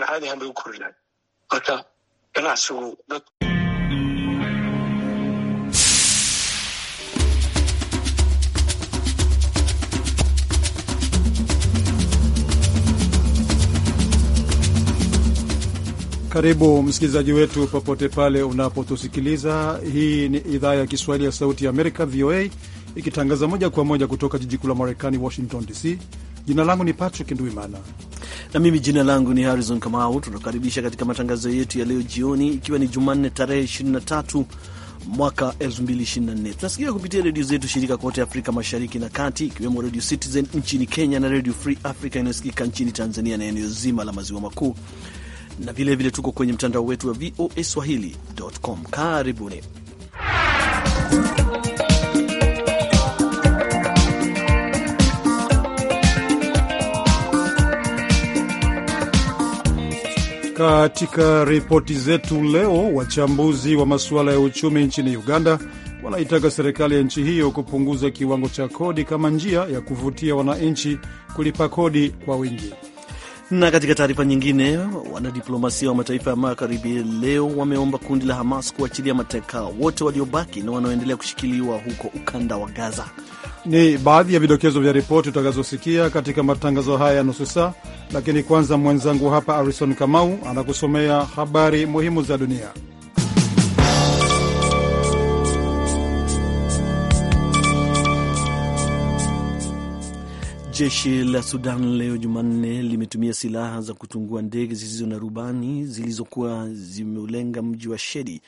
aan caadi ahaan bay u kordhaan marka ganacsigu dad Karibu msikilizaji wetu popote pale unapotusikiliza. Hii ni idhaa ya Kiswahili ya Sauti ya Amerika, VOA, ikitangaza moja kwa moja kutoka jiji kuu la Marekani, Washington DC. Jina langu ni Patrick Nduimana na mimi jina langu ni Harrison Kamau. Tunakaribisha katika matangazo yetu ya leo jioni, ikiwa ni Jumanne tarehe 23 mwaka 2024. Tunasikia kupitia redio zetu shirika kote Afrika Mashariki na Kati, ikiwemo Radio Citizen nchini Kenya na Radio Free Africa inayosikika nchini Tanzania na eneo zima la maziwa makuu, na vilevile tuko kwenye mtandao wetu wa VOA Swahili.com. Karibuni Katika ripoti zetu leo, wachambuzi wa masuala ya uchumi nchini Uganda wanaitaka serikali ya nchi hiyo kupunguza kiwango cha kodi kama njia ya kuvutia wananchi kulipa kodi kwa wingi. Na katika taarifa nyingine, wanadiplomasia wa mataifa ya magharibi leo wameomba kundi la Hamas kuachilia mateka wote waliobaki na wanaoendelea kushikiliwa huko ukanda wa Gaza. Ni baadhi ya vidokezo vya ripoti utakazosikia katika matangazo haya ya nusu saa, lakini kwanza mwenzangu hapa arison Kamau anakusomea habari muhimu za dunia. Jeshi la Sudan leo Jumanne limetumia silaha za kutungua ndege zisizo na rubani zilizokuwa zimeulenga mji wa Shedi,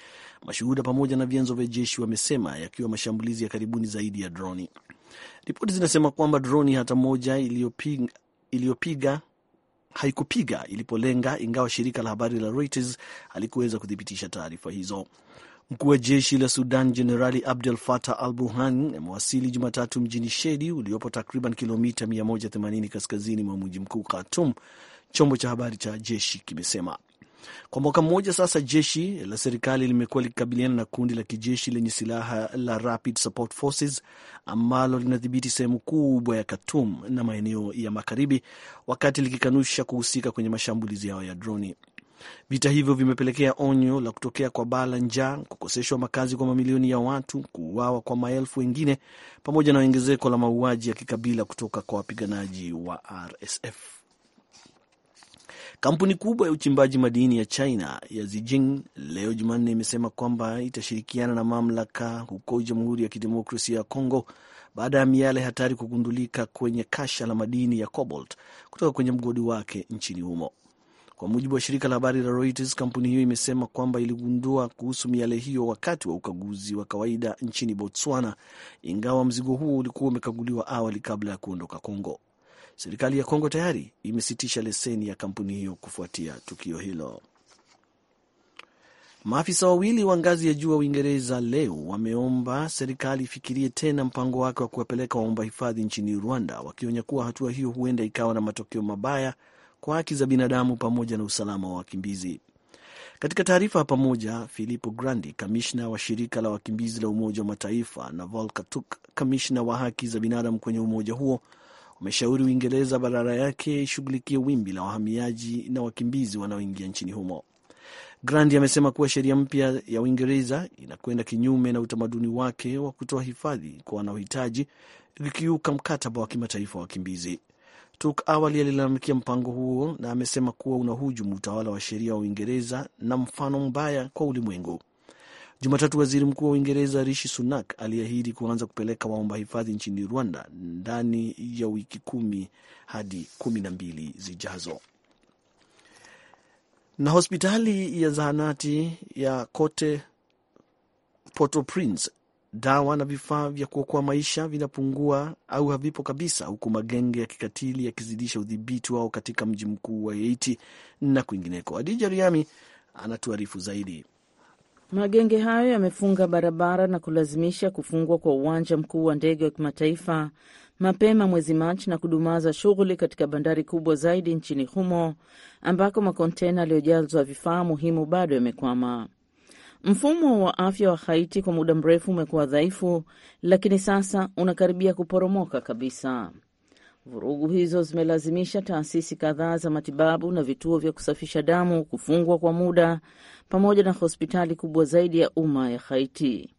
mashuhuda pamoja na vyanzo vya jeshi wamesema, yakiwa mashambulizi ya karibuni zaidi ya droni. Ripoti zinasema kwamba droni hata moja iliyopiga iliyopiga haikupiga ilipolenga, ingawa shirika la habari la Reuters halikuweza kuthibitisha taarifa hizo. Mkuu wa jeshi la Sudan Jenerali Abdel Fattah al Burhan amewasili Jumatatu mjini Shedi uliopo takriban kilomita 180 kaskazini mwa mji mkuu Khartoum, chombo cha habari cha jeshi kimesema. Kwa mwaka mmoja sasa, jeshi la serikali limekuwa likikabiliana na kundi la kijeshi lenye silaha la Rapid Support Forces ambalo linadhibiti sehemu kubwa ya Khartoum na maeneo ya magharibi, wakati likikanusha kuhusika kwenye mashambulizi yao ya droni. Vita hivyo vimepelekea onyo la kutokea kwa baa la njaa, kukoseshwa makazi kwa mamilioni ya watu, kuuawa kwa maelfu wengine, pamoja na ongezeko la mauaji ya kikabila kutoka kwa wapiganaji wa RSF. Kampuni kubwa ya uchimbaji madini ya China ya Zijin leo Jumanne imesema kwamba itashirikiana na mamlaka huko Jamhuri ya Kidemokrasia ya Kongo baada ya miale hatari kugundulika kwenye kasha la madini ya cobalt kutoka kwenye mgodi wake nchini humo. Kwa mujibu wa shirika la habari la Reuters, kampuni hiyo imesema kwamba iligundua kuhusu miale hiyo wakati wa ukaguzi wa kawaida nchini Botswana, ingawa mzigo huo ulikuwa umekaguliwa awali kabla ya kuondoka Kongo. Serikali ya Kongo tayari imesitisha leseni ya kampuni hiyo kufuatia tukio hilo. Maafisa wawili wa ngazi ya juu wa Uingereza leo wameomba serikali ifikirie tena mpango wake wa kuwapeleka waomba hifadhi nchini Rwanda, wakionya kuwa hatua hiyo huenda ikawa na matokeo mabaya kwa haki za binadamu pamoja na usalama wa wakimbizi. Katika taarifa ya pamoja, Filippo Grandi, kamishna wa shirika la wakimbizi la Umoja wa Mataifa, na Volker Turk, kamishna wa haki za binadamu kwenye umoja huo, wameshauri Uingereza barara yake ishughulikie wimbi la wahamiaji na wakimbizi wanaoingia nchini humo. Grandi amesema kuwa sheria mpya ya Uingereza inakwenda kinyume na utamaduni wake wa kutoa hifadhi kwa wanaohitaji, ikikiuka mkataba wa kimataifa wa wakimbizi tuk awali alilalamikia mpango huo na amesema kuwa unahujumu utawala wa sheria wa Uingereza na mfano mbaya kwa ulimwengu. Jumatatu, waziri mkuu wa Uingereza Rishi Sunak aliahidi kuanza kupeleka waomba hifadhi nchini Rwanda ndani ya wiki kumi hadi kumi na mbili zijazo. Na hospitali ya zahanati ya kote Port-au-Prince dawa na vifaa vya kuokoa maisha vinapungua au havipo kabisa, huku magenge ya kikatili yakizidisha udhibiti wao katika mji mkuu wa Haiti na kwingineko. Adija Riami anatuarifu zaidi. Magenge hayo yamefunga barabara na kulazimisha kufungwa kwa uwanja mkuu wa ndege wa kimataifa mapema mwezi Machi na kudumaza shughuli katika bandari kubwa zaidi nchini humo ambako makontena yaliyojazwa vifaa muhimu bado yamekwama. Mfumo wa afya wa Haiti kwa muda mrefu umekuwa dhaifu, lakini sasa unakaribia kuporomoka kabisa. Vurugu hizo zimelazimisha taasisi kadhaa za matibabu na vituo vya kusafisha damu kufungwa kwa muda pamoja na hospitali kubwa zaidi ya umma ya Haiti.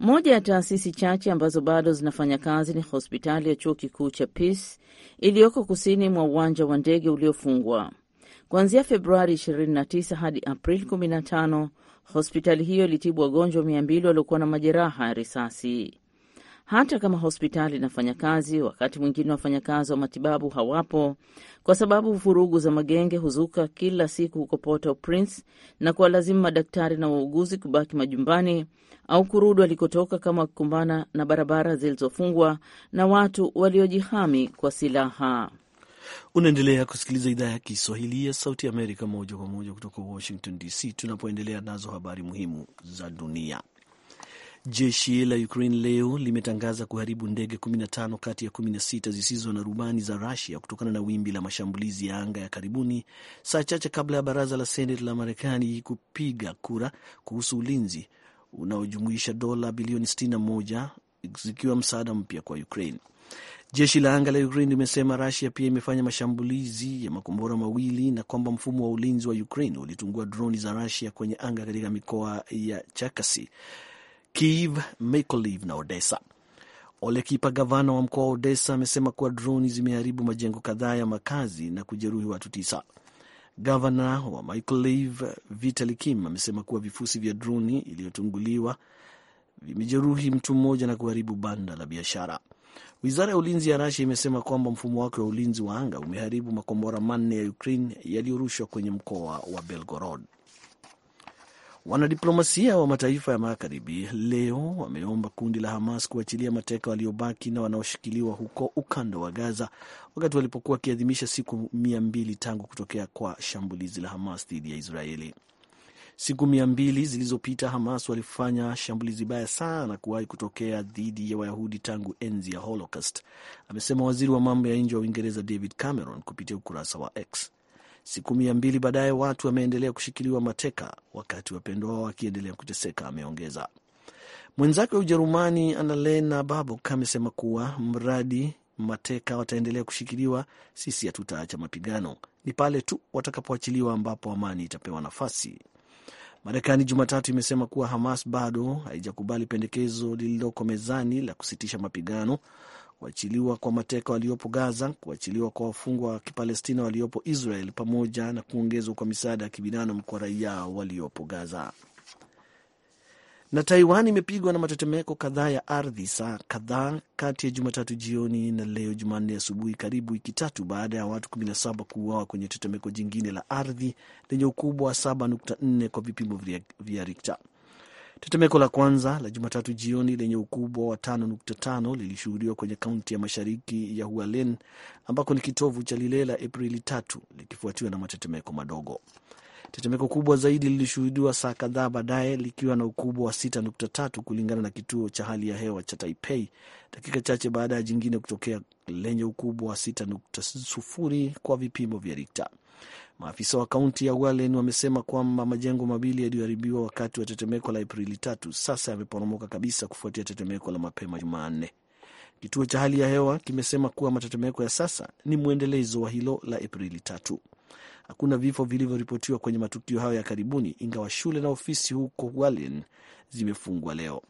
Moja ya taasisi chache ambazo bado zinafanya kazi ni hospitali ya chuo kikuu cha Peace iliyoko kusini mwa uwanja wa ndege uliofungwa. Kuanzia Februari 29 hadi Aprili 15, Hospitali hiyo ilitibu wagonjwa mia mbili waliokuwa na majeraha ya risasi. Hata kama hospitali inafanya kazi, wakati mwingine wafanyakazi wa matibabu hawapo, kwa sababu vurugu za magenge huzuka kila siku huko Port-au-Prince na kuwalazimu madaktari na wauguzi kubaki majumbani au kurudi walikotoka, kama wakikumbana na barabara zilizofungwa na watu waliojihami kwa silaha. Unaendelea kusikiliza idhaa ya Kiswahili ya Sauti Amerika moja kwa moja kutoka Washington DC, tunapoendelea nazo habari muhimu za dunia. Jeshi la Ukraine leo limetangaza kuharibu ndege 15 kati ya 16 zisizo na rubani za Rusia kutokana na wimbi la mashambulizi ya anga ya karibuni, saa chache kabla ya baraza la senet la Marekani kupiga kura kuhusu ulinzi unaojumuisha dola bilioni 61 zikiwa msaada mpya kwa Ukraine. Jeshi la anga la Ukraine limesema rasia pia imefanya mashambulizi ya makombora mawili na kwamba mfumo wa ulinzi wa Ukraine ulitungua droni za rasia kwenye anga katika mikoa ya Chakasi, Kiev, Mykolaiv na Odessa. Ole Kipa, gavana wa mkoa wa Odessa, amesema kuwa droni zimeharibu majengo kadhaa ya makazi na kujeruhi watu tisa. Gavana wa Mykolaiv Vitali Kim amesema kuwa vifusi vya droni iliyotunguliwa vimejeruhi mtu mmoja na kuharibu banda la biashara. Wizara ya ulinzi ya Rasia imesema kwamba mfumo wake wa ulinzi wa anga umeharibu makombora manne ya Ukraine yaliyorushwa kwenye mkoa wa Belgorod. Wanadiplomasia wa mataifa ya magharibi leo wameomba kundi la Hamas kuachilia mateka waliobaki na wanaoshikiliwa huko ukanda wa Gaza, wakati walipokuwa wakiadhimisha siku mia mbili tangu kutokea kwa shambulizi la Hamas dhidi ya Israeli. Siku mia mbili zilizopita Hamas walifanya shambulizi baya sana kuwahi kutokea dhidi ya Wayahudi tangu enzi ya Holocaust, amesema waziri wa mambo ya nje wa Uingereza David Cameron kupitia ukurasa wa X. Siku mia mbili baadaye watu wameendelea kushikiliwa mateka, wakati wapendwa wao wakiendelea kuteseka, ameongeza. Mwenzake wa Ujerumani Annalena Baerbock amesema kuwa mradi mateka wataendelea kushikiliwa, sisi hatutaacha mapigano, ni pale tu watakapoachiliwa ambapo amani itapewa nafasi. Marekani Jumatatu imesema kuwa Hamas bado haijakubali pendekezo lililoko mezani la kusitisha mapigano, kuachiliwa kwa mateka waliopo Gaza, kuachiliwa kwa wafungwa wa Kipalestina waliopo Israel, pamoja na kuongezwa kwa misaada ya kibinadamu kwa raia waliopo Gaza na Taiwan imepigwa na matetemeko kadhaa ya ardhi saa kadhaa kati ya Jumatatu jioni na leo Jumanne asubuhi, karibu wiki tatu baada ya watu 17 kuuawa kwenye tetemeko jingine la ardhi lenye ukubwa wa 7.4 kwa vipimo vya Richter. Tetemeko la kwanza la Jumatatu jioni lenye ukubwa wa 5.5 lilishuhudiwa kwenye kaunti ya mashariki ya Hualen ambako ni kitovu cha lile la Aprili tatu likifuatiwa na matetemeko madogo. Tetemeko kubwa zaidi lilishuhudiwa saa kadhaa baadaye likiwa na ukubwa wa 6.3 kulingana na kituo cha hali ya hewa cha Taipei, dakika chache baada ya jingine kutokea lenye ukubwa wa 6.0 kwa vipimo vya Richter. Maafisa wa kaunti ya Walen wamesema kwamba majengo mawili yaliyoharibiwa wakati wa tetemeko la Aprili tatu sasa yameporomoka kabisa kufuatia tetemeko la mapema Jumanne. Kituo cha hali ya hewa kimesema kuwa matetemeko ya sasa ni mwendelezo wa hilo la Aprili tatu. Hakuna vifo vilivyoripotiwa kwenye matukio hayo ya karibuni, ingawa shule na ofisi huko Wallin zimefungwa leo.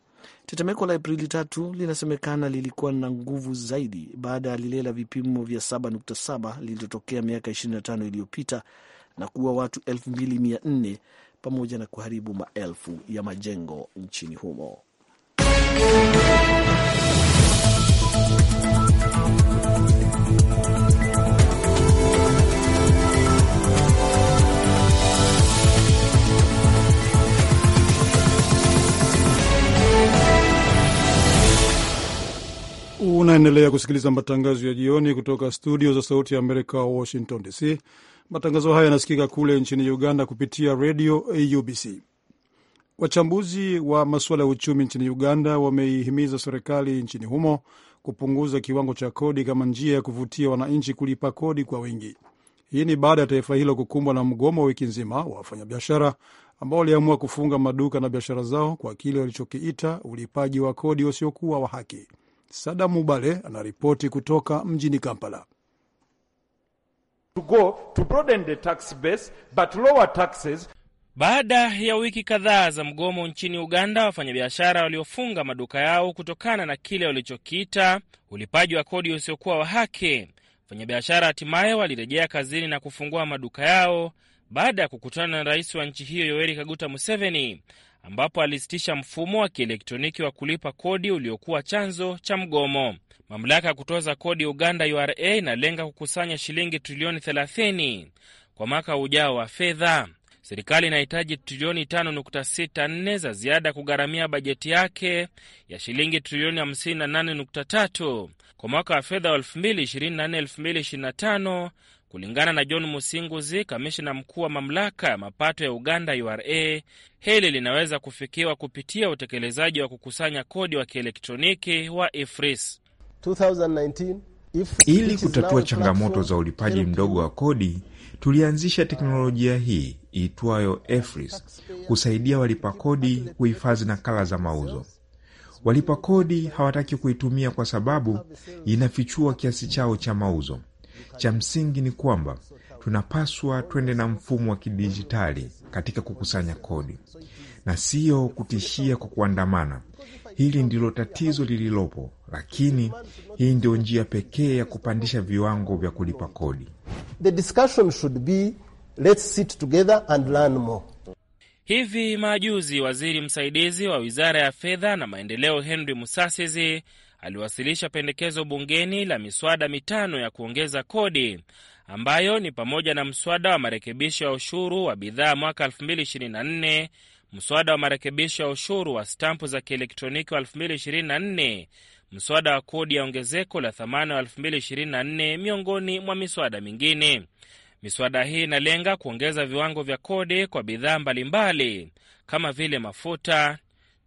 Tetemeko la Aprili tatu linasemekana lilikuwa na nguvu zaidi baada ya lile la vipimo vya 7.7 lililotokea miaka 25 iliyopita na kuua watu 2400 pamoja na kuharibu maelfu ya majengo nchini humo. Unaendelea kusikiliza matangazo ya jioni kutoka studio za Sauti ya Amerika, Washington DC. Matangazo haya yanasikika kule nchini Uganda kupitia redio AUBC. Wachambuzi wa masuala ya uchumi nchini Uganda wameihimiza serikali nchini humo kupunguza kiwango cha kodi kama njia ya kuvutia wananchi kulipa kodi kwa wingi. Hii ni baada ya taifa hilo kukumbwa na mgomo wa wiki nzima wa wafanyabiashara ambao waliamua kufunga maduka na biashara zao kwa kile walichokiita ulipaji wa kodi wasiokuwa wa haki. Sada Mubale anaripoti kutoka mjini Kampala. To go to the tax base, but lower taxes. Baada ya wiki kadhaa za mgomo nchini Uganda, wafanyabiashara waliofunga maduka yao kutokana na kile walichokiita ulipaji wa kodi usiokuwa wa haki, wafanyabiashara hatimaye walirejea kazini na kufungua maduka yao baada ya kukutana na rais wa nchi hiyo Yoweri Kaguta Museveni ambapo alisitisha mfumo wa kielektroniki wa kulipa kodi uliokuwa chanzo cha mgomo. Mamlaka ya kutoza kodi Uganda, URA, inalenga kukusanya shilingi trilioni 30 kwa mwaka ujao wa fedha. Serikali inahitaji trilioni 5.64 za ziada kugharamia bajeti yake ya shilingi trilioni 58.3 kwa mwaka wa fedha wa 2024/2025 Kulingana na John Musinguzi, kamishina mkuu wa mamlaka ya mapato ya Uganda URA, hili linaweza kufikiwa kupitia utekelezaji wa kukusanya kodi wa kielektroniki wa IFRIS 2019. Ili kutatua changamoto za ulipaji mdogo wa kodi, tulianzisha teknolojia hii iitwayo EFRIS kusaidia walipa kodi kuhifadhi nakala za mauzo. Walipa kodi hawataki kuitumia kwa sababu inafichua kiasi chao cha mauzo. Cha msingi ni kwamba tunapaswa twende na mfumo wa kidijitali katika kukusanya kodi na siyo kutishia kwa kuandamana. Hili ndilo tatizo lililopo, lakini hii ndio njia pekee ya kupandisha viwango vya kulipa kodi. The discussion should be let's sit together and learn more. Hivi majuzi waziri msaidizi wa wizara ya fedha na maendeleo Henry Musasizi aliwasilisha pendekezo bungeni la miswada mitano ya kuongeza kodi ambayo ni pamoja na mswada wa marekebisho ya ushuru wa bidhaa mwaka 2024, mswada wa marekebisho ya ushuru wa stampu za kielektroniki wa 2024, mswada wa kodi ya ongezeko la thamani wa 2024, miongoni mwa miswada mingine. Miswada hii inalenga kuongeza viwango vya kodi kwa bidhaa mbalimbali kama vile mafuta,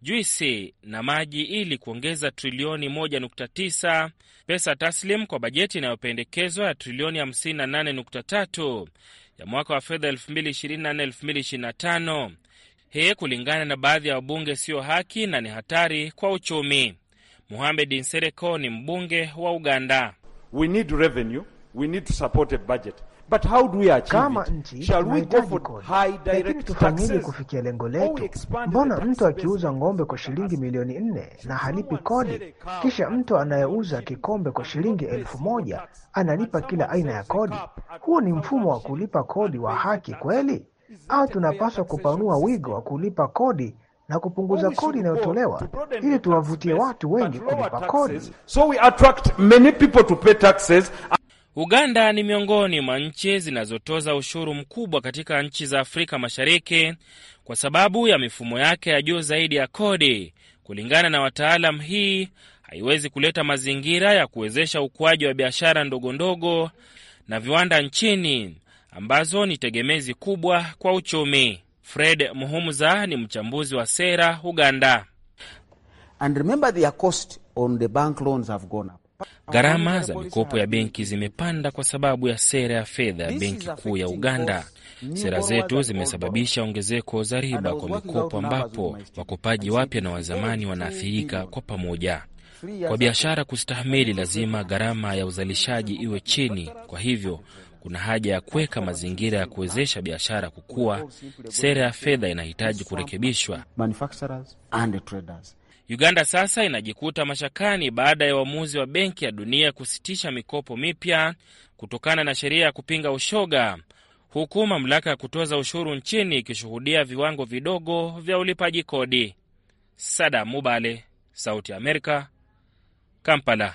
juisi na maji ili kuongeza trilioni 1.9 pesa taslim kwa bajeti inayopendekezwa ya trilioni 58.3 ya mwaka wa fedha 2024/2025. Hii kulingana na baadhi ya wabunge siyo haki na ni hatari kwa uchumi. Muhamed Nsereko ni mbunge wa Uganda. We need revenue, we need to support a budget. But how do we achieve kama nchi tunahitaji kodi, lakini kufikia lengo letu? Mbona mtu akiuza ng'ombe kwa shilingi milioni nne na halipi kodi, kisha mtu anayeuza kikombe kwa shilingi elfu moja analipa kila aina ya kodi? Huo ni mfumo wa kulipa kodi wa haki kweli, au tunapaswa kupanua wigo wa kulipa kodi na kupunguza kodi inayotolewa ili tuwavutie watu wengi kulipa kodi? So we attract many people to pay taxes. Uganda ni miongoni mwa nchi zinazotoza ushuru mkubwa katika nchi za Afrika Mashariki kwa sababu ya mifumo yake ya juu zaidi ya kodi. Kulingana na wataalam, hii haiwezi kuleta mazingira ya kuwezesha ukuaji wa biashara ndogo ndogo na viwanda nchini ambazo ni tegemezi kubwa kwa uchumi. Fred muhumza ni mchambuzi wa sera Uganda. And remember their cost on the bank loans have gone up. Gharama za mikopo ya benki zimepanda kwa sababu ya sera ya fedha ya Benki Kuu ya Uganda. Sera zetu zimesababisha ongezeko za riba kwa mikopo, ambapo wakopaji wapya na wazamani wanaathirika kwa pamoja. Kwa biashara kustahamili, lazima gharama ya uzalishaji iwe chini. Kwa hivyo kuna haja ya kuweka mazingira ya kuwezesha biashara kukua. Sera ya fedha inahitaji kurekebishwa. Uganda sasa inajikuta mashakani baada ya uamuzi wa Benki ya Dunia kusitisha mikopo mipya kutokana na sheria ya kupinga ushoga, huku mamlaka ya kutoza ushuru nchini ikishuhudia viwango vidogo vya ulipaji kodi. Sada Mubale, Sauti ya Amerika, Kampala.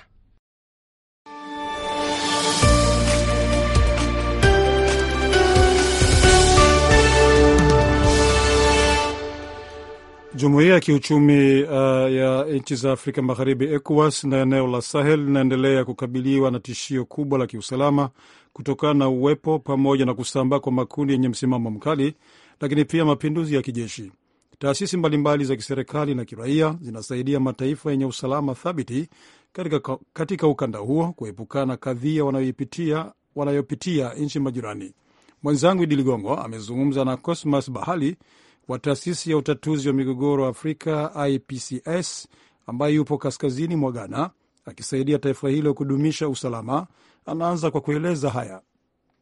Jumuiya ya kiuchumi uh, ya nchi za Afrika Magharibi, ECOWAS, na eneo la Sahel linaendelea kukabiliwa na tishio kubwa la kiusalama kutokana na uwepo pamoja na kusambaa kwa makundi yenye msimamo mkali, lakini pia mapinduzi ya kijeshi. Taasisi mbalimbali za kiserikali na kiraia zinasaidia mataifa yenye usalama thabiti katika, katika ukanda huo kuepukana kadhia wanayopitia, wanayopitia nchi majirani. Mwenzangu Idi Ligongo amezungumza na Cosmas Bahali wa taasisi ya utatuzi wa migogoro Afrika IPCS ambaye yupo kaskazini mwa Ghana akisaidia taifa hilo kudumisha usalama, anaanza kwa kueleza haya.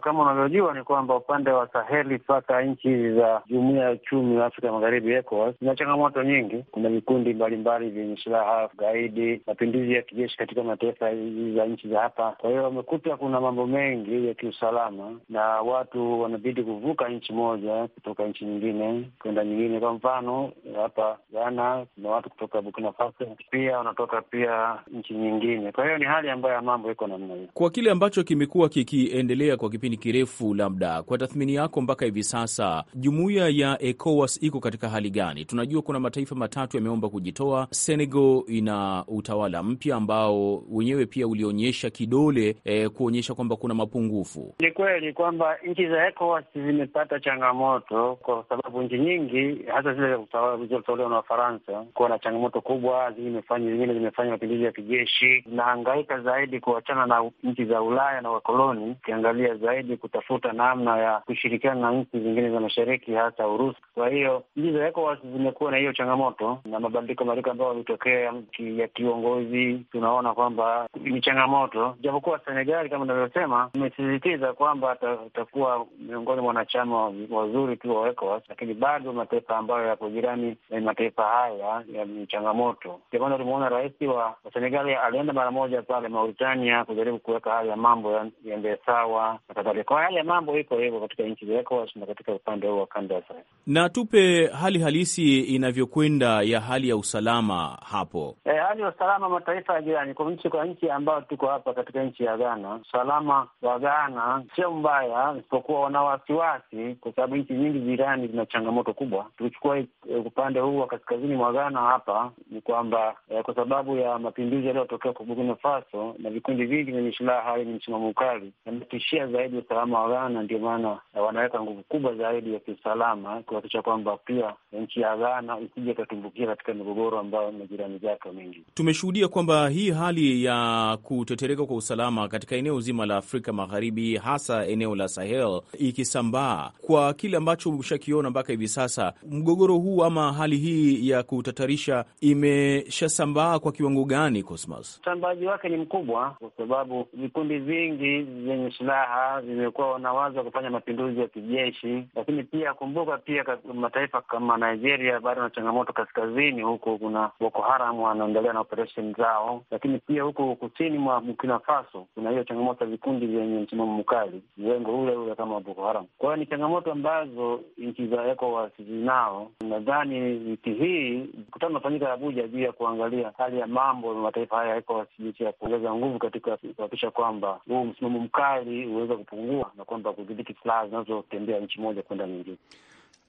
Kama unavyojua ni kwamba upande wa Saheli mpaka nchi za jumuia ya uchumi wa Afrika Magharibi, ECOWAS, zina changamoto nyingi. Kuna vikundi mbalimbali vyenye silaha, gaidi, mapinduzi ya kijeshi katika mataifa hizi za nchi za hapa. Kwa hiyo wamekuta kuna mambo mengi ya kiusalama na watu wanabidi kuvuka nchi moja kutoka nchi nyingine kwenda nyingine. Kwa mfano hapa Ghana kuna watu kutoka Burkina Faso pia wanatoka pia nchi nyingine. Kwa hiyo ni hali ambayo ya mambo iko namna hiyo, kwa kile ambacho kimekuwa kikiendelea kwa kipindi ni kirefu. Labda kwa tathmini yako, mpaka hivi sasa jumuiya ya ECOWAS iko katika hali gani? Tunajua kuna mataifa matatu yameomba kujitoa. Senegal ina utawala mpya ambao wenyewe pia ulionyesha kidole e, kuonyesha kwamba kuna mapungufu. Ni kweli kwamba nchi za ECOWAS zimepata changamoto kwa sababu nchi nyingi hasa zile zilizotolewa na Wafaransa kuwa na changamoto kubwa, zingine zimefanya mapinduzi ya kijeshi, zinahangaika zaidi kuachana na nchi za Ulaya na wakoloni, ukiangalia zaidi zaidi kutafuta namna ya kushirikiana na nchi zingine za mashariki, hasa Urusi. Kwa hiyo nchi za ECOWAS zimekuwa na hiyo changamoto na mabadiliko madogo ambayo yalitokea ya kiongozi, tunaona kwamba ni changamoto, japokuwa Senegali kama inavyosema imesisitiza kwamba atakuwa miongoni mwa wanachama wazuri tu wa ECOWAS, lakini bado mataifa ambayo yapo jirani na eh, mataifa haya ni changamoto. Ndio tumeona rais wa Senegali alienda mara moja pale Mauritania kujaribu kuweka hali ya mambo yaende sawa. Somalia. Kwa ya mambo iko hivyo katika nchi za ECOWAS na katika upande huo wa kanda ya Sahel. Na tupe hali halisi inavyokwenda ya hali ya usalama hapo. E, hali ya usalama mataifa ya jirani, kwa nchi kwa nchi ambayo tuko hapa katika nchi ya Ghana, usalama wa Ghana sio mbaya, isipokuwa wana wasiwasi kwa sababu nchi nyingi jirani zina changamoto kubwa. Tukichukua upande huu wa kaskazini mwa Ghana hapa ni kwamba eh, kwa sababu ya mapinduzi yaliyotokea kwa Burkina Faso na vikundi vingi vyenye silaha hali ni msimamo mkali, yametishia zaidi usalama wa Ghana, ndio maana eh, wanaweka nguvu kubwa zaidi ya kiusalama eh, kuhakikisha kwamba pia nchi ya Ghana isije ikatumbukia katika migogoro ambayo majirani zake mengi Tumeshuhudia kwamba hii hali ya kutetereka kwa usalama katika eneo zima la Afrika Magharibi, hasa eneo la Sahel, ikisambaa kwa kile ambacho umeshakiona mpaka hivi sasa. Mgogoro huu ama hali hii ya kutatarisha imeshasambaa kwa kiwango gani, Cosmas? Usambaaji wake ni mkubwa, kwa sababu vikundi vingi vyenye silaha zimekuwa wanawaza kufanya mapinduzi ya kijeshi, lakini pia kumbuka pia mataifa kama Nigeria bado na changamoto kaskazini, huku kuna Boko Haram wanaendelea na operesheni zao, lakini pia huku kusini mwa Burkina Faso kuna hiyo changamoto ya vikundi vyenye msimamo mkali, mrengo ule ule kama Boko Haram. Kwa hiyo ni changamoto ambazo nchi za ECOWAS zinao. Nadhani wiki hii mkutano unafanyika Abuja juu ya kuangalia hali ya mambo mataifa haya ECOWAS jinsi ya kuongeza nguvu katika kuhakikisha kwamba huu msimamo mkali uweza kupungua na kwamba kudhibiti silaha zinazotembea nchi moja kwenda nyingine.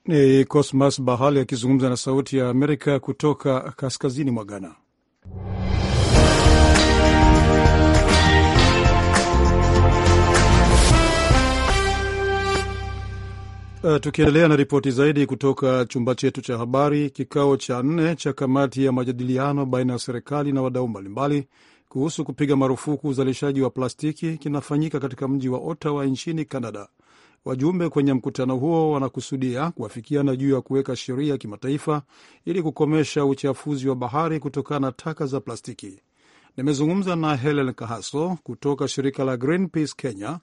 Ni Cosmas Bahali akizungumza na Sauti ya Amerika kutoka kaskazini mwa Ghana. Uh, tukiendelea na ripoti zaidi kutoka chumba chetu cha habari. Kikao cha nne cha kamati ya majadiliano baina ya serikali na wadau mbalimbali kuhusu kupiga marufuku uzalishaji wa plastiki kinafanyika katika mji wa Ottawa nchini Canada. Wajumbe kwenye mkutano huo wanakusudia kuafikiana juu ya kuweka sheria ya kimataifa ili kukomesha uchafuzi wa bahari kutokana na taka za plastiki. Nimezungumza na Helen Kahaso kutoka shirika la Greenpeace Kenya,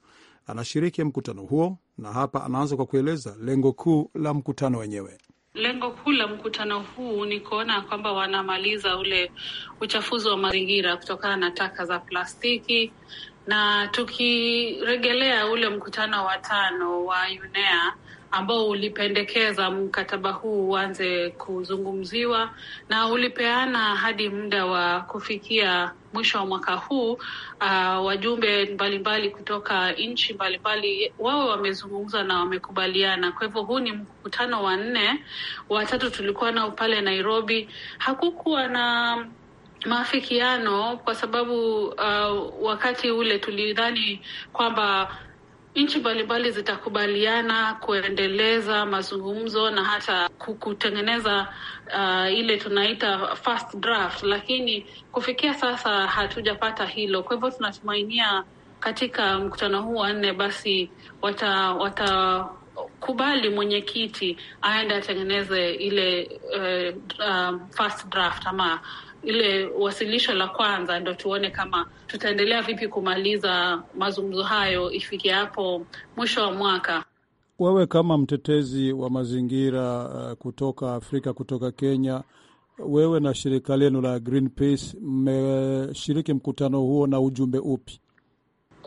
anashiriki mkutano huo na hapa anaanza kwa kueleza lengo kuu la mkutano wenyewe. Lengo kuu la mkutano huu ni kuona kwamba wanamaliza ule uchafuzi wa mazingira kutokana na taka za plastiki, na tukiregelea ule mkutano wa tano wa UNEA ambao ulipendekeza mkataba huu uanze kuzungumziwa na ulipeana hadi muda wa kufikia mwisho wa mwaka huu uh, wajumbe mbalimbali mbali kutoka nchi mbalimbali wawe wamezungumza na wamekubaliana. Kwa hivyo huu ni mkutano wa nne, watatu tulikuwa nao pale Nairobi. Hakukuwa na maafikiano kwa sababu uh, wakati ule tulidhani kwamba nchi mbalimbali zitakubaliana kuendeleza mazungumzo na hata kutengeneza uh, ile tunaita first draft, lakini kufikia sasa hatujapata hilo. Kwa hivyo tunatumainia katika mkutano huu wa nne basi wata, wata mwenyekiti aende atengeneze ile uh, uh, first draft ama ile wasilisho la kwanza, ndo tuone kama tutaendelea vipi kumaliza mazungumzo hayo ifikia hapo mwisho wa mwaka. Wewe kama mtetezi wa mazingira uh, kutoka Afrika, kutoka Kenya, wewe na shirika lenu la Greenpeace mmeshiriki mkutano huo na ujumbe upi?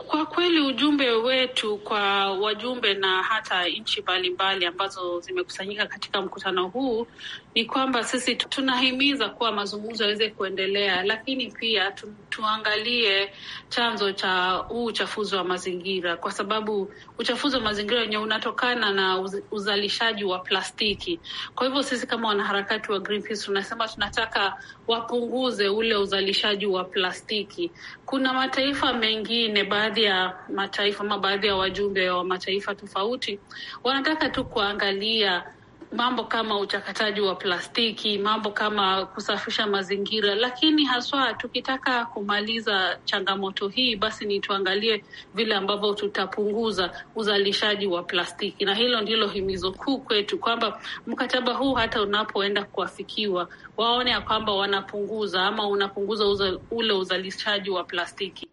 Kwa kweli ujumbe wetu kwa wajumbe na hata nchi mbalimbali ambazo zimekusanyika katika mkutano huu ni kwamba sisi tunahimiza kuwa mazungumzo yaweze kuendelea, lakini pia tu, tuangalie chanzo cha huu uchafuzi wa mazingira, kwa sababu uchafuzi wa mazingira wenyewe unatokana na uz, uzalishaji wa plastiki. Kwa hivyo sisi kama wanaharakati wa Greenpeace tunasema tunataka wapunguze ule uzalishaji wa plastiki. Kuna mataifa mengine, baadhi ya mataifa ama baadhi ya wajumbe wa mataifa tofauti wanataka tu kuangalia mambo kama uchakataji wa plastiki, mambo kama kusafisha mazingira. Lakini haswa tukitaka kumaliza changamoto hii, basi ni tuangalie vile ambavyo tutapunguza uzalishaji wa plastiki, na hilo ndilo himizo kuu kwetu, kwamba mkataba huu hata unapoenda kuafikiwa, waone ya kwamba wanapunguza ama unapunguza uza, ule uzalishaji wa plastiki.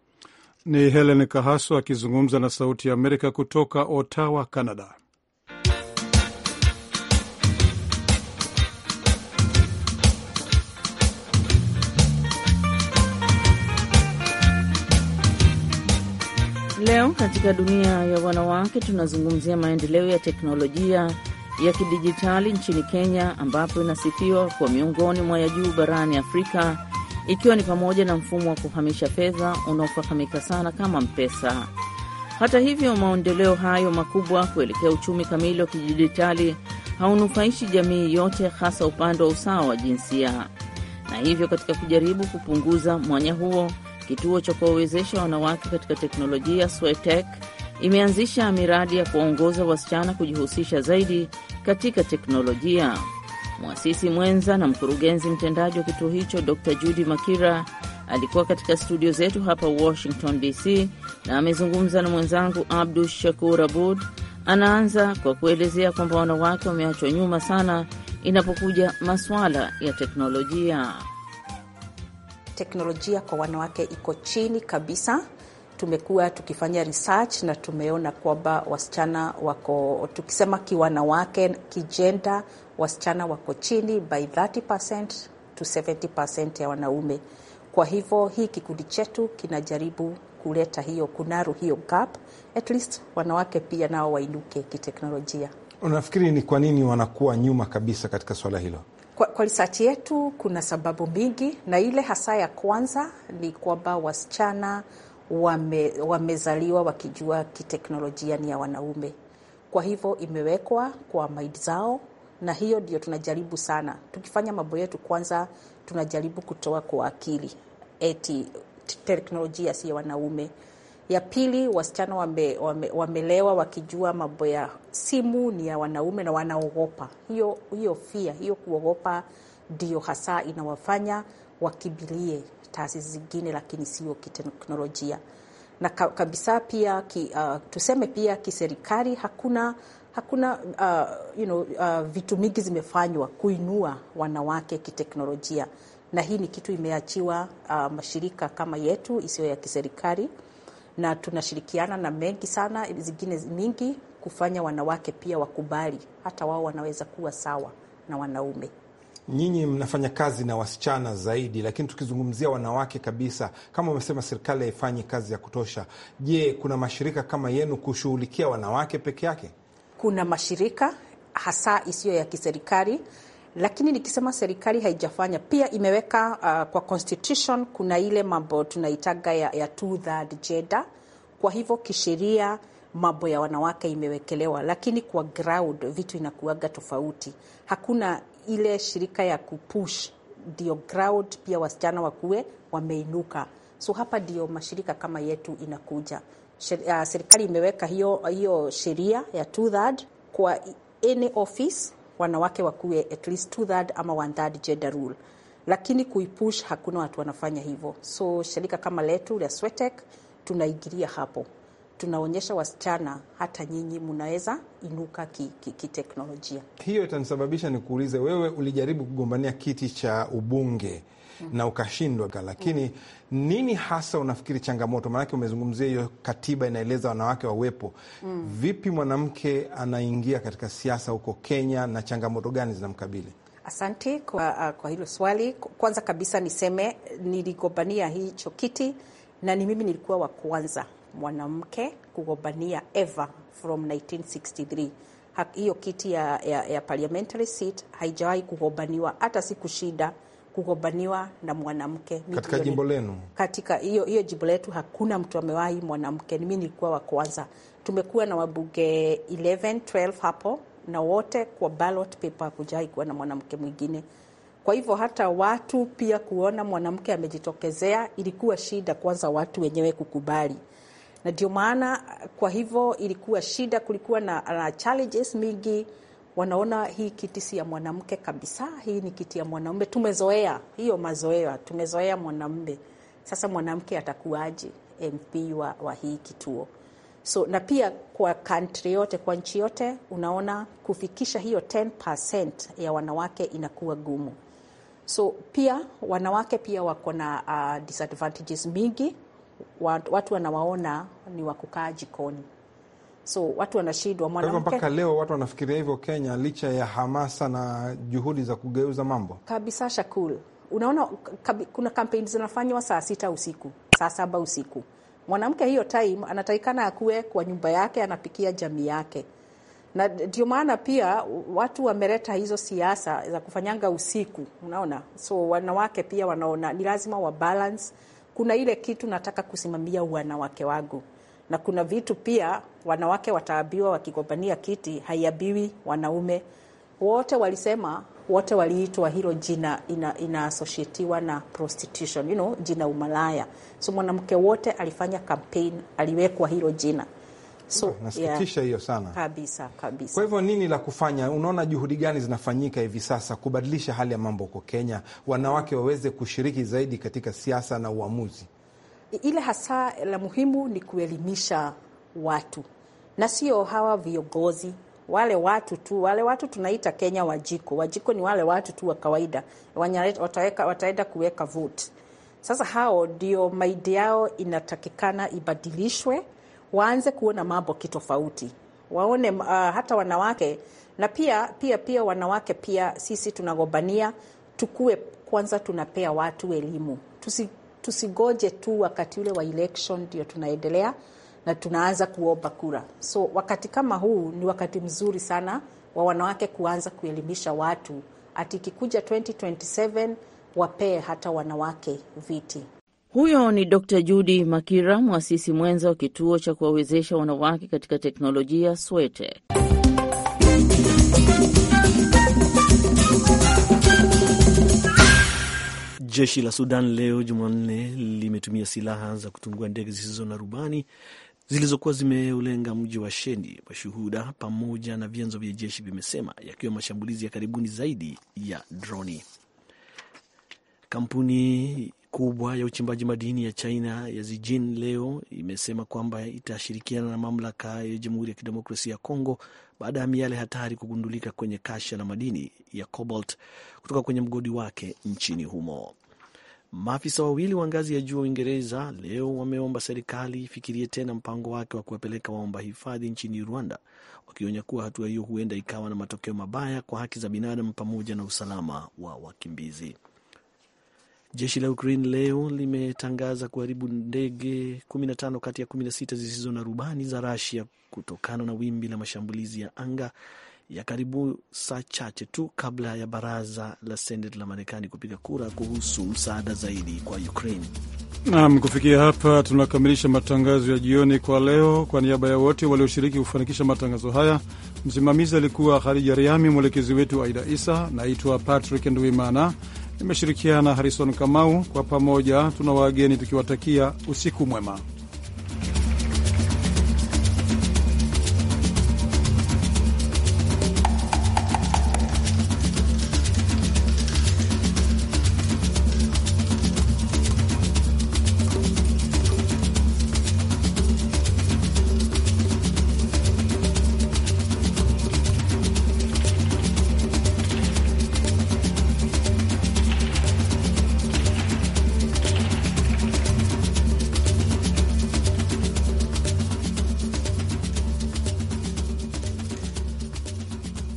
Ni Helen Kahaso akizungumza na Sauti ya Amerika kutoka Ottawa, Canada. Leo katika dunia ya wanawake tunazungumzia maendeleo ya teknolojia ya kidijitali nchini Kenya, ambapo inasifiwa kwa miongoni mwa ya juu barani Afrika, ikiwa ni pamoja na mfumo wa kuhamisha fedha unaofahamika sana kama mpesa Hata hivyo, maendeleo hayo makubwa kuelekea uchumi kamili wa kidijitali haunufaishi jamii yote, hasa upande wa usawa wa jinsia, na hivyo katika kujaribu kupunguza mwanya huo Kituo cha kuwawezesha wanawake katika teknolojia Swetek imeanzisha miradi ya kuwaongoza wasichana kujihusisha zaidi katika teknolojia. Mwasisi mwenza na mkurugenzi mtendaji wa kituo hicho Dr Judy Makira alikuwa katika studio zetu hapa Washington DC na amezungumza na mwenzangu Abdu Shakur Abud. Anaanza kwa kuelezea kwamba wanawake wameachwa nyuma sana inapokuja masuala ya teknolojia teknolojia kwa wanawake iko chini kabisa. Tumekuwa tukifanya research na tumeona kwamba wasichana wako, tukisema kiwanawake, kijenda, wasichana wako chini by 30% to 70% ya wanaume. Kwa hivyo hii kikundi chetu kinajaribu kuleta hiyo kunaru hiyo gap, at least wanawake pia nao wainuke kiteknolojia. Unafikiri ni kwa nini wanakuwa nyuma kabisa katika swala hilo? Kwa, kwa risachi yetu kuna sababu mingi, na ile hasa ya kwanza ni kwamba wasichana wame, wamezaliwa wakijua kiteknolojia ni ya wanaume, kwa hivyo imewekwa kwa maidi zao, na hiyo ndio tunajaribu sana. Tukifanya mambo yetu kwanza, tunajaribu kutoa kwa akili eti teknolojia si ya wanaume. Ya pili, wasichana wame, wame, wamelewa wakijua mambo ya simu ni ya wanaume na wanaogopa hiyo. Hiyo fia hiyo kuogopa ndio hasa inawafanya wakibilie taasisi zingine, lakini sio kiteknolojia na kabisa. Pia ki, uh, tuseme pia kiserikali hakuna hakuna uh, you know, uh, vitu mingi zimefanywa kuinua wanawake kiteknolojia, na hii ni kitu imeachiwa uh, mashirika kama yetu isiyo ya kiserikali na tunashirikiana na mengi sana zingine mingi kufanya wanawake pia wakubali hata wao wanaweza kuwa sawa na wanaume. Nyinyi mnafanya kazi na wasichana zaidi, lakini tukizungumzia wanawake kabisa, kama umesema serikali haifanyi kazi ya kutosha, je, kuna mashirika kama yenu kushughulikia wanawake peke yake? Kuna mashirika hasa isiyo ya kiserikali lakini nikisema serikali haijafanya pia, imeweka uh, kwa constitution kuna ile mambo tunaitaga ya, ya two third gender. Kwa hivyo kisheria mambo ya wanawake imewekelewa, lakini kwa ground vitu inakuaga tofauti. Hakuna ile shirika ya kupush ndio ground pia wasichana wakuwe wameinuka. So hapa ndio mashirika kama yetu inakuja Shir, uh, serikali imeweka hiyo hiyo sheria ya two third kwa any office wanawake wakuwe at least two third ama one third gender rule, lakini kuipush hakuna watu wanafanya hivyo. So shirika kama letu la Swetech tunaingilia hapo, tunaonyesha wasichana, hata nyinyi mnaweza inuka kiteknolojia ki, ki. Hiyo itanisababisha nikuulize wewe, ulijaribu kugombania kiti cha ubunge na ukashindwa. Lakini nini hasa unafikiri changamoto? Maanake umezungumzia hiyo katiba inaeleza wanawake wawepo. Vipi mwanamke anaingia katika siasa huko Kenya na changamoto gani zinamkabili? Asante kwa, uh, kwa hilo swali. Kwanza kabisa niseme niligombania hicho kiti na ni mimi nilikuwa wa kwanza mwanamke kugombania ever from 1963 hiyo kiti ya, ya, ya parliamentary seat haijawahi kugombaniwa hata si kushinda kugombaniwa na mwanamke katika jimbo lenu? Katika hiyo hiyo jimbo letu hakuna mtu amewahi mwanamke, mimi nilikuwa wa kwanza. Tumekuwa na wabunge 11 12 hapo na wote kwa ballot paper, hakujawahi kuwa na mwanamke mwingine. Kwa hivyo hata watu pia kuona mwanamke amejitokezea ilikuwa shida, kwanza watu wenyewe kukubali, na ndio maana kwa hivyo ilikuwa shida, kulikuwa na, na challenges mingi wanaona hii kiti si ya mwanamke kabisa, hii ni kiti ya mwanaume. Tumezoea hiyo mazoea, tumezoea mwanaume. Sasa mwanamke atakuwaje MP wa, wa hii kituo? So na pia kwa kantri yote, kwa nchi yote, unaona kufikisha hiyo 10% ya wanawake inakuwa gumu. So pia wanawake pia wako na uh, disadvantages mingi. Watu wanawaona ni wakukaa jikoni so watu wanashindwa. Mwanamke mpaka leo watu wanafikiria hivyo Kenya, licha ya hamasa na juhudi za kugeuza mambo kabisa. Shakul, unaona kabi, kuna kampeni zinafanywa saa sita usiku saa saba usiku. Mwanamke hiyo time anatakikana akuwe kwa nyumba yake, anapikia jamii yake, na ndio maana pia watu wameleta hizo siasa za kufanyanga usiku, unaona. So wanawake pia wanaona ni lazima balance. Kuna ile kitu nataka kusimamia wanawake wangu na kuna vitu pia wanawake wataabiwa wakigombania kiti, haiabiwi wanaume wote. Walisema wote waliitwa hilo jina, ina na prostitution, you know, jina umalaya. So mwanamke wote alifanya campaign, aliwekwa hilo jina. So, nasikitisha hiyo yeah, sana kabisa, kabisa. Kwa hivyo nini la kufanya? Unaona juhudi gani zinafanyika hivi sasa kubadilisha hali ya mambo huko Kenya, wanawake waweze kushiriki zaidi katika siasa na uamuzi? ile hasa la muhimu ni kuelimisha watu na sio hawa viongozi wale watu tu, wale watu tunaita Kenya wajiko. Wajiko ni wale watu tu wa kawaida wataweka, wataenda kuweka vote. Sasa hao ndio maidi yao inatakikana ibadilishwe, waanze kuona mambo kitofauti, waone uh, hata wanawake na pia pia pia wanawake pia, sisi tunagombania tukue kwanza, tunapea watu elimu tusi tusigoje tu wakati ule wa election ndio tunaendelea na tunaanza kuomba kura. So wakati kama huu ni wakati mzuri sana wa wanawake kuanza kuelimisha watu ati ikikuja 2027 wapee hata wanawake viti. Huyo ni Dr. Judy Makira, mwasisi mwenza wa kituo cha kuwawezesha wanawake katika teknolojia Swete. Jeshi la Sudan leo Jumanne limetumia silaha za kutungua ndege zisizo na rubani zilizokuwa zimeulenga mji wa Sheni, mashuhuda pamoja na vyanzo vya jeshi vimesema, yakiwa mashambulizi ya karibuni zaidi ya droni. Kampuni kubwa ya uchimbaji madini ya China ya Zijin leo imesema kwamba itashirikiana na mamlaka ya Jamhuri ya Kidemokrasia ya Kongo baada ya miale hatari kugundulika kwenye kasha la madini ya cobalt kutoka kwenye mgodi wake nchini humo. Maafisa wawili wa ngazi ya juu wa Uingereza leo wameomba serikali ifikirie tena mpango wake wa kuwapeleka waomba hifadhi nchini Rwanda, wakionya kuwa hatua hiyo huenda ikawa na matokeo mabaya kwa haki za binadamu pamoja na usalama wa wakimbizi. Jeshi la Ukraine leo limetangaza kuharibu ndege 15 kati ya 16 zisizo na rubani za rasia kutokana na wimbi la mashambulizi ya anga ya karibu saa chache tu kabla ya baraza la seneti la Marekani kupiga kura kuhusu msaada zaidi kwa Ukraine. Nam, kufikia hapa tunakamilisha matangazo ya jioni kwa leo. Kwa niaba ya wote walioshiriki kufanikisha matangazo haya, msimamizi alikuwa Khadija Riami, mwelekezi wetu Aida Isa. Naitwa Patrick Ndwimana, nimeshirikiana na Harrison Kamau. Kwa pamoja tuna wageni tukiwatakia usiku mwema.